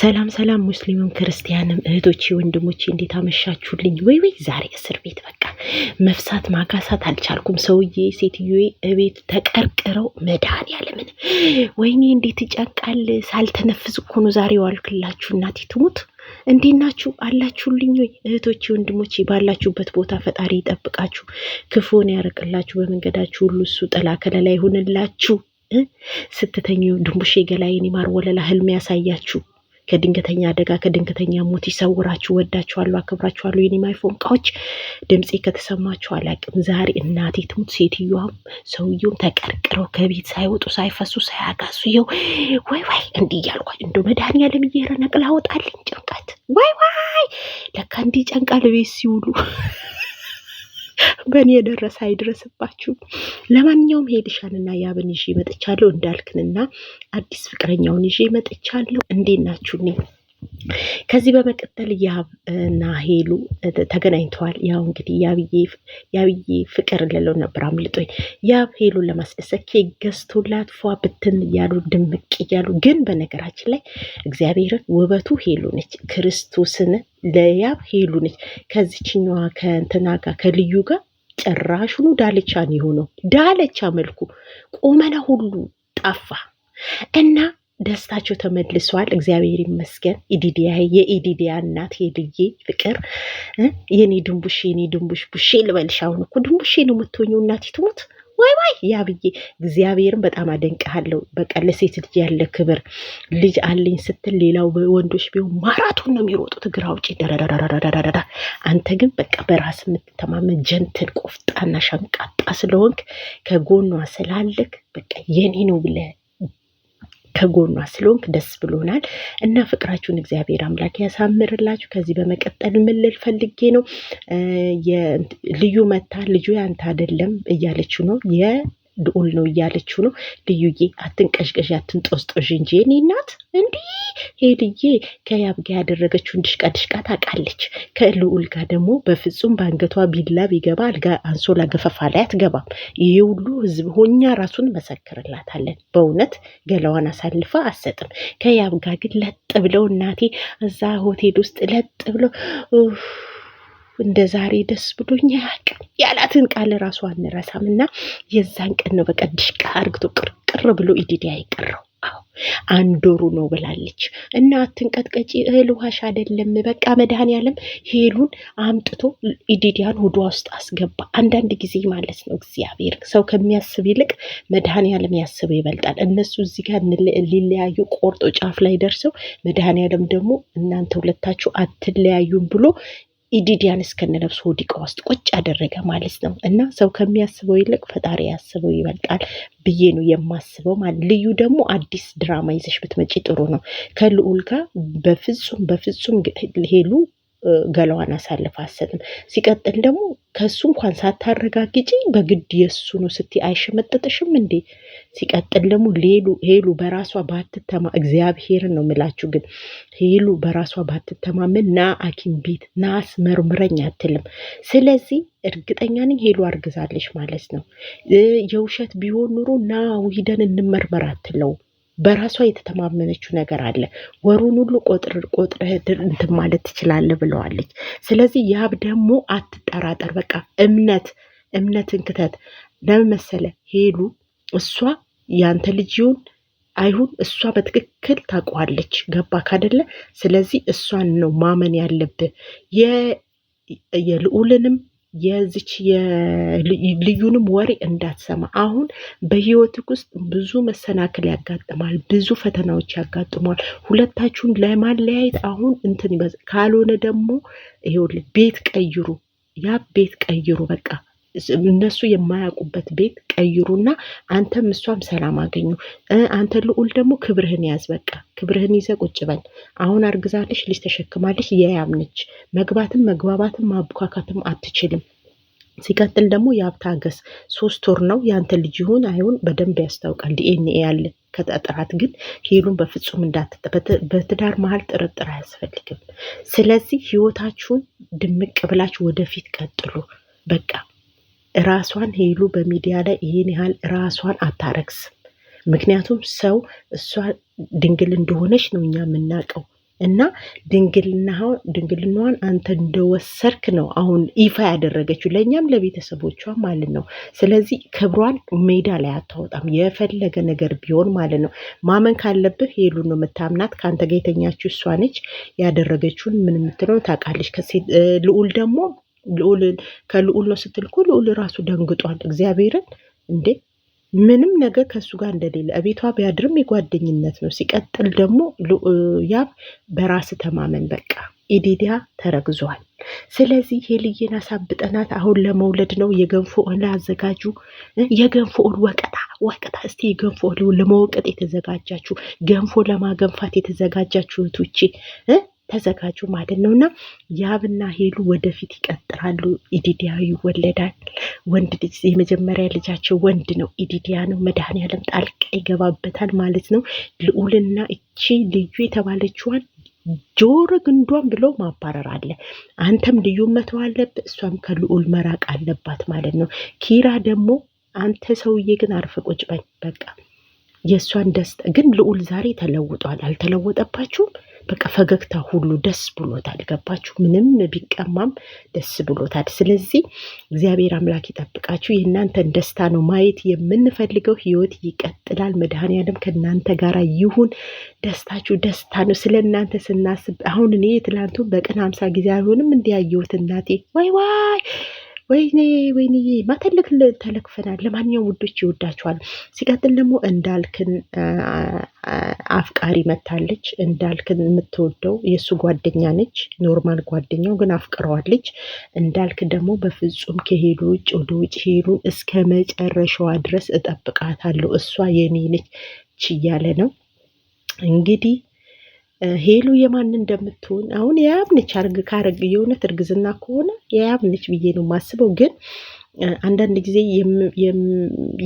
ሰላም ሰላም ሙስሊምም ክርስቲያንም እህቶቼ ወንድሞቼ እንዴት አመሻችሁልኝ? ወይ ወይ ዛሬ እስር ቤት በቃ መፍሳት ማጋሳት አልቻልኩም። ሰውዬ ሴትዮዬ እቤት ተቀርቅረው መድኃኒዓለምን ወይኔ እንዴት ይጨንቃል። ሳልተነፍስ እኮ ነው ዛሬ ዋልክላችሁ። እናቴ ትሙት እንዴት ናችሁ? አላችሁልኝ ወይ እህቶች ወንድሞች? ባላችሁበት ቦታ ፈጣሪ ይጠብቃችሁ፣ ክፉን ያርቅላችሁ፣ በመንገዳችሁ ሁሉ እሱ ጥላ ከለላ ይሁንላችሁ። ስትተኙ ድንቡሼ ገላይን ይማር ወለላ ህልም ያሳያችሁ ከድንገተኛ አደጋ ከድንገተኛ ሞት ይሰውራችሁ። ወዳችኋለሁ፣ አክብራችኋለሁ። የኔ ማይፎም እቃዎች ድምፄ ከተሰማችሁ አላቅም። ዛሬ እናቴ ትሙት ሴትዮዋም ሰውየውም ተቀርቅረው ከቤት ሳይወጡ ሳይፈሱ ሳያጋሱ ይኸው ወይ ወይ እንዲህ እያልኳል። እንደ መድኃኒዓለም እየሄረ ነቅላ ወጣልኝ ጭንቀት ወይ ወይ ለካ እንዲህ ጨንቃ ለቤት ሲውሉ በእኔ የደረሰ አይድረስባችሁ። ለማንኛውም ሄድሻንና ያብን ይዤ መጥቻለሁ እንዳልክንና አዲስ ፍቅረኛውን ይዤ መጥቻለሁ። እንዴት ናችሁ? ከዚህ በመቀጠል ያብ እና ሄሉ ተገናኝተዋል። ያው እንግዲህ ያብዬ ፍቅር ለለው ነበር አምልጦኝ። ያብ ሄሉን ለማስደሰት ኬክ ገዝቶላት ፏ ብትን እያሉ ድምቅ እያሉ ግን በነገራችን ላይ እግዚአብሔርን ውበቱ ሄሉ ነች። ክርስቶስን ለያብ ሄሉ ነች። ከዚችኛዋ ከእንትና ጋር ከልዩ ጋር ጭራሹኑ ዳለቻን የሆነው ዳለቻ መልኩ ቆመና ሁሉ ጠፋ እና ደስታቸው ተመልሷል። እግዚአብሔር ይመስገን። ኢዲዲያ የኢዲዲያ እናት የልዬ ፍቅር የኔ ድንቡሽ የኔ ድንቡሽ ቡሼ ልበልሽ። አሁን እኮ ድንቡሼ ነው የምትሆኘው። እናቴ ትሙት ወይ ወይ ያብዬ እግዚአብሔርን በጣም አደንቀሃለሁ። በቃ ለሴት ልጅ ያለ ክብር ልጅ አለኝ ስትል ሌላው ወንዶች ቢሆን ማራቶን ነው የሚሮጡት እግር አውጪ ደረረረረረረረ አንተ ግን በቃ በራስ የምትተማመን ጀንትን ቆፍጣና ሸንቃጣ ስለሆንክ ከጎኗ ስላለክ በቃ የኔ ነው ብለህ ከጎኗ ስለሆንክ ደስ ብሎናል እና ፍቅራችሁን እግዚአብሔር አምላክ ያሳምርላችሁ። ከዚህ በመቀጠል ምልል ፈልጌ ነው ልዩ መታ ልጁ ያንተ አይደለም እያለችው ነው ልዑል ነው እያለችው ነው። ልዩዬ አትንቀዥቀዥ፣ አትንጦስጦዥ እንጂ የኔ እናት እንዲህ ሄድዬ ከያብ ጋር ያደረገችውን ድሽቃ ድሽቃ ታውቃለች። ከልዑል ጋር ደግሞ በፍጹም በአንገቷ ቢላ ቢገባ አልጋ አንሶላ ገፈፋ ላይ አትገባም። ይሄ ሁሉ ህዝብ ሆኛ ራሱን መሰክርላታለን። በእውነት ገላዋን አሳልፋ አትሰጥም። ከያብ ጋር ግን ለጥ ብለው እናቴ እዛ ሆቴል ውስጥ ለጥ ብለው እንደ ዛሬ ደስ ብሎኝ አያውቅም ያላትን ቃል ራሱ አንረሳም። እና የዛን ቀን ነው በቀድሽ ድሽቃ አርግቶ ቅርቅር ብሎ ኢዲዲ አይቀረው። አዎ አንዶሩ ነው ብላለች። እና አትንቀጥቀጪ፣ እህል ውሃሽ አይደለም። በቃ መድኃኔዓለም ሄሉን አምጥቶ ኢዲዲያን ሆዷ ውስጥ አስገባ። አንዳንድ ጊዜ ማለት ነው እግዚአብሔር ሰው ከሚያስብ ይልቅ መድኃኔዓለም ያስበው ይበልጣል። እነሱ እዚህ ጋር ሊለያዩ ቆርጦ ጫፍ ላይ ደርሰው መድኃኔዓለም ደግሞ እናንተ ሁለታችሁ አትለያዩም ብሎ ኢዲዲያን እስከነነፍሱ ወዲቃ ውስጥ ቁጭ አደረገ ማለት ነው። እና ሰው ከሚያስበው ይልቅ ፈጣሪ ያስበው ይበልጣል ብዬ ነው የማስበው። ማለት ልዩ ደግሞ አዲስ ድራማ ይዘሽ ብትመጪ ጥሩ ነው። ከልዑል ጋር በፍጹም በፍጹም ሄሉ ገላዋን አሳልፍ አሰጥም። ሲቀጥል ደግሞ ከሱ እንኳን ሳታረጋግጪ በግድ የእሱ ነው ስትይ አይሸመጠጥሽም እንዴ? ሲቀጥል ደግሞ ሌሉ ሄሉ በራሷ ባትተማ እግዚአብሔርን ነው የምላችሁ። ግን ሄሉ በራሷ ባትተማምን ና ሐኪም ቤት ና አስመርምረኝ አትልም። ስለዚህ እርግጠኛ ነኝ ሄሉ አርግዛለች ማለት ነው። የውሸት ቢሆን ኑሮ ና ውሂደን እንመርመር አትለው። በራሷ የተተማመነችው ነገር አለ። ወሩን ሁሉ ቆጥር ቆጥረህ እንትን ማለት ትችላለህ ብለዋለች። ስለዚህ ያብ ደግሞ አትጠራጠር፣ በቃ እምነት እምነትን ክተት። ለምን መሰለ ሄሉ እሷ ያንተ ልጅ ይሁን አይሁን እሷ በትክክል ታውቀዋለች። ገባ ካደለ ስለዚህ እሷን ነው ማመን ያለብህ የልዑልንም የዚች ልዩንም ወሬ እንዳትሰማ። አሁን በህይወትህ ውስጥ ብዙ መሰናክል ያጋጥማል፣ ብዙ ፈተናዎች ያጋጥሟል። ሁለታችሁን ለማለያየት አሁን እንትን ይበዝ። ካልሆነ ደግሞ ይኸውልህ ቤት ቀይሩ፣ ያ ቤት ቀይሩ በቃ እነሱ የማያውቁበት ቤት ቀይሩና አንተም እሷም ሰላም አገኙ። አንተ ልዑል ደግሞ ክብርህን ያዝ። በቃ ክብርህን ይዘ ቁጭ በል። አሁን አርግዛለች፣ ልጅ ተሸክማለች፣ የያምነች መግባትም መግባባትም ማቡካካትም አትችልም። ሲቀጥል ደግሞ የአብታገስ ሶስት ወር ነው የአንተ ልጅ ይሁን አይሁን በደንብ ያስታውቃል። ዲኤንኤ ያለ ከጠጥራት ግን ሄሉን በፍጹም እንዳትጠ በትዳር መሀል ጥርጥር አያስፈልግም። ስለዚህ ህይወታችሁን ድምቅ ብላችሁ ወደፊት ቀጥሉ በቃ ራሷን ሄሉ በሚዲያ ላይ ይሄን ያህል ራሷን አታረግስም። ምክንያቱም ሰው እሷ ድንግል እንደሆነች ነው እኛ የምናውቀው እና ድንግልናዋን አንተ እንደወሰርክ ነው አሁን ይፋ ያደረገችው ለእኛም ለቤተሰቦቿ ማለት ነው። ስለዚህ ክብሯን ሜዳ ላይ አታወጣም፣ የፈለገ ነገር ቢሆን ማለት ነው። ማመን ካለብህ ሄሉ ነው የምታምናት። ከአንተ ጋር የተኛችው እሷ ነች። ያደረገችውን ምን የምትለው ታውቃለች። ልዑል ደግሞ ልዑልን ከልዑል ነው ስትል እኮ ልዑል ራሱ ደንግጧል። እግዚአብሔርን እንዴ ምንም ነገር ከእሱ ጋር እንደሌለ እቤቷ ቢያድርም የጓደኝነት ነው። ሲቀጥል ደግሞ ያ በራስ ተማመን በቃ ኢዲዲያ ተረግዟል። ስለዚህ ሄልዬን አሳብጠናት አሁን ለመውለድ ነው። የገንፎ እህል አዘጋጁ። የገንፎ እህል ወቀጣ ወቀጣ። እስቲ የገንፎ እህል ለመወቀጥ የተዘጋጃችሁ ገንፎ ለማገንፋት የተዘጋጃችሁ እህቶቼ ተዘጋጁ ማለት ነው እና ያብና ሄሉ ወደፊት ይቀጥል ይመጣሉ። ኢዲዲያ ይወለዳል። ወንድ ልጅ የመጀመሪያ ልጃቸው ወንድ ነው፣ ኢዲዲያ ነው። መድኃኔዓለም ጣልቃ ይገባበታል ማለት ነው። ልዑልና እቺ ልዩ የተባለችዋን ጆሮ ግንዷን ብሎ ማባረር አለ። አንተም ልዩ መተው አለብህ፣ እሷም ከልዑል መራቅ አለባት ማለት ነው። ኪራ ደግሞ አንተ ሰውዬ ግን አርፈ ቁጭ በቃ። የእሷን ደስታ ግን ልዑል ዛሬ ተለውጧል። አልተለወጠባችሁም? በቃ ፈገግታ ሁሉ ደስ ብሎታል። ገባችሁ? ምንም ቢቀማም ደስ ብሎታል። ስለዚህ እግዚአብሔር አምላክ ይጠብቃችሁ። የእናንተን ደስታ ነው ማየት የምንፈልገው። ህይወት ይቀጥላል። መድኃኔዓለም ከእናንተ ጋር ይሁን። ደስታችሁ ደስታ ነው። ስለ እናንተ ስናስብ አሁን እኔ ትላንቱን በቀን አምሳ ጊዜ አልሆንም እንዲያየሁት እናቴ ዋይ ዋይ ወይኔ ወይኔ ማተልክ ተለክፈናል። ለማንኛውም ውዶች ይወዳችኋል። ሲቀጥል ደግሞ እንዳልክን አፍቃሪ መታለች። እንዳልክ የምትወደው የእሱ ጓደኛ ነች፣ ኖርማል ጓደኛው ግን አፍቅረዋለች። እንዳልክ ደግሞ በፍጹም ከሄዱ ውጭ ወደ ውጭ ሄዱን እስከ መጨረሻዋ ድረስ እጠብቃታለሁ፣ እሷ የኔ ነች እያለ ነው እንግዲህ ሄሉ የማን እንደምትሆን አሁን የያብነች አርግ ካረግ የእውነት እርግዝና ከሆነ የያብነች ብዬ ነው የማስበው ግን አንዳንድ ጊዜ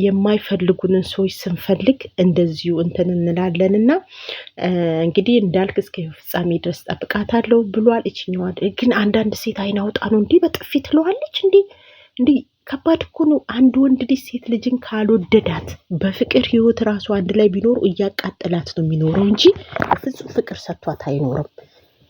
የማይፈልጉንን ሰዎች ስንፈልግ እንደዚሁ እንትን እንላለን እና እንግዲህ እንዳልክ እስከ ፍጻሜ ድረስ ጠብቃታለሁ ብሏል። እችኛዋል ግን አንዳንድ ሴት አይን አውጣ ነው እንዲህ በጥፊ ትለዋለች። እንዲህ እንዲህ ከባድ እኮ ነው። አንድ ወንድ ልጅ ሴት ልጅን ካልወደዳት በፍቅር ህይወት ራሱ አንድ ላይ ቢኖሩ እያቃጠላት ነው የሚኖረው እንጂ ፍጹም ፍቅር ሰጥቷት አይኖርም።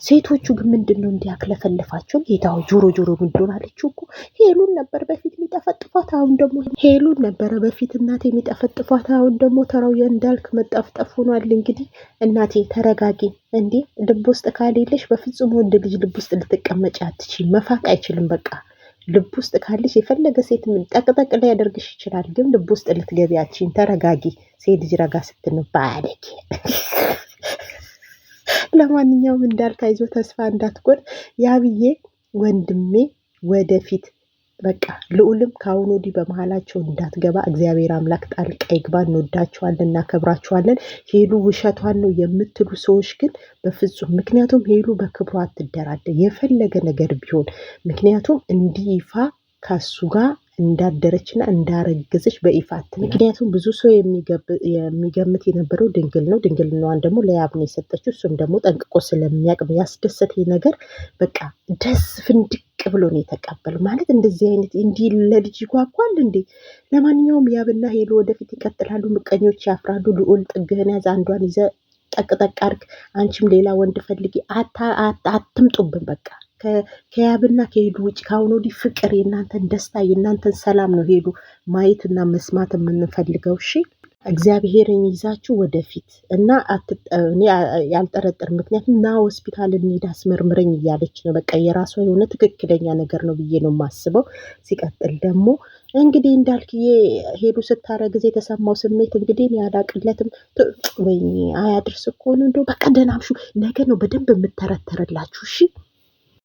ሴቶቹ ግን ምንድን ነው እንዲያክለፈለፋቸው? ጌታው ጆሮ ጆሮ ምንድን አለችው እኮ ሄሉን ነበር በፊት የሚጠፈጥፏት፣ አሁን ደግሞ ሄሉን ነበረ በፊት እናቴ የሚጠፈጥፏት፣ አሁን ደግሞ ተራው የእንዳልክ መጠፍጠፍ ሆኗል። እንግዲህ እናቴ ተረጋጊ እንዴ ልብ ውስጥ ካሌለሽ በፍጹም ወንድ ልጅ ልብ ውስጥ ልትቀመጭ አትች፣ መፋቅ አይችልም። በቃ ልብ ውስጥ ካለሽ የፈለገ ሴት ምን ጠቅጠቅ ሊያደርግሽ ይችላል፣ ግን ልብ ውስጥ ልትገቢያችን ተረጋጊ። ሴት ልጅ ረጋ ስትንባለች ለማንኛውም እንዳልክ ተስፋ እንዳትቆርጥ ያብዬ ወንድሜ ወደፊት በቃ ልዑልም ከአሁን ወዲህ በመሀላቸው እንዳትገባ እግዚአብሔር አምላክ ጣልቃ ይግባ። እንወዳችኋለን፣ እናከብራችኋለን። ሄሉ ውሸቷን ነው የምትሉ ሰዎች ግን በፍጹም ምክንያቱም ሄሉ በክብሯ አትደራደር የፈለገ ነገር ቢሆን ምክንያቱም እንዲህ ይፋ ከሱ ጋር እንዳደረችና እንዳረገዘች በይፋት። ምክንያቱም ብዙ ሰው የሚገምት የነበረው ድንግል ነው። ድንግልናዋን ደግሞ ለያብ ነው የሰጠችው። እሱም ደግሞ ጠንቅቆ ስለሚያውቅ ያስደሰተኝ ነገር በቃ ደስ ፍንድቅ ብሎ ነው የተቀበለው። ማለት እንደዚህ አይነት እንዲህ ለልጅ ይጓጓል እንዴ! ለማንኛውም ያብና ሄሎ ወደፊት ይቀጥላሉ። ምቀኞች ያፍራሉ። ልዑል ጥግህን ያዝ፣ አንዷን ይዘ ጠቅጠቅ አድርግ፣ አንቺም ሌላ ወንድ ፈልጊ፣ አትምጡብን በቃ ከያብና ከሄዱ ውጭ ከአሁን ወዲህ ፍቅር፣ የእናንተን ደስታ፣ የእናንተን ሰላም ነው ሄዱ ማየትና መስማት የምንፈልገው። እሺ እግዚአብሔርን ይዛችሁ ወደፊት እና ያልጠረጠር ምክንያቱም ና ሆስፒታል እንሂድ አስመርምረኝ እያለች ነው። በቃ የራሷ የሆነ ትክክለኛ ነገር ነው ብዬ ነው የማስበው። ሲቀጥል ደግሞ እንግዲህ እንዳልክዬ ሄዱ ስታረግ ጊዜ የተሰማው ስሜት እንግዲህ ያላቅለትም ወይ አያድርስ እኮ ነው። እንደው በቃ ደህና አምሹ። ነገ ነው በደንብ የምተረተርላችሁ። እሺ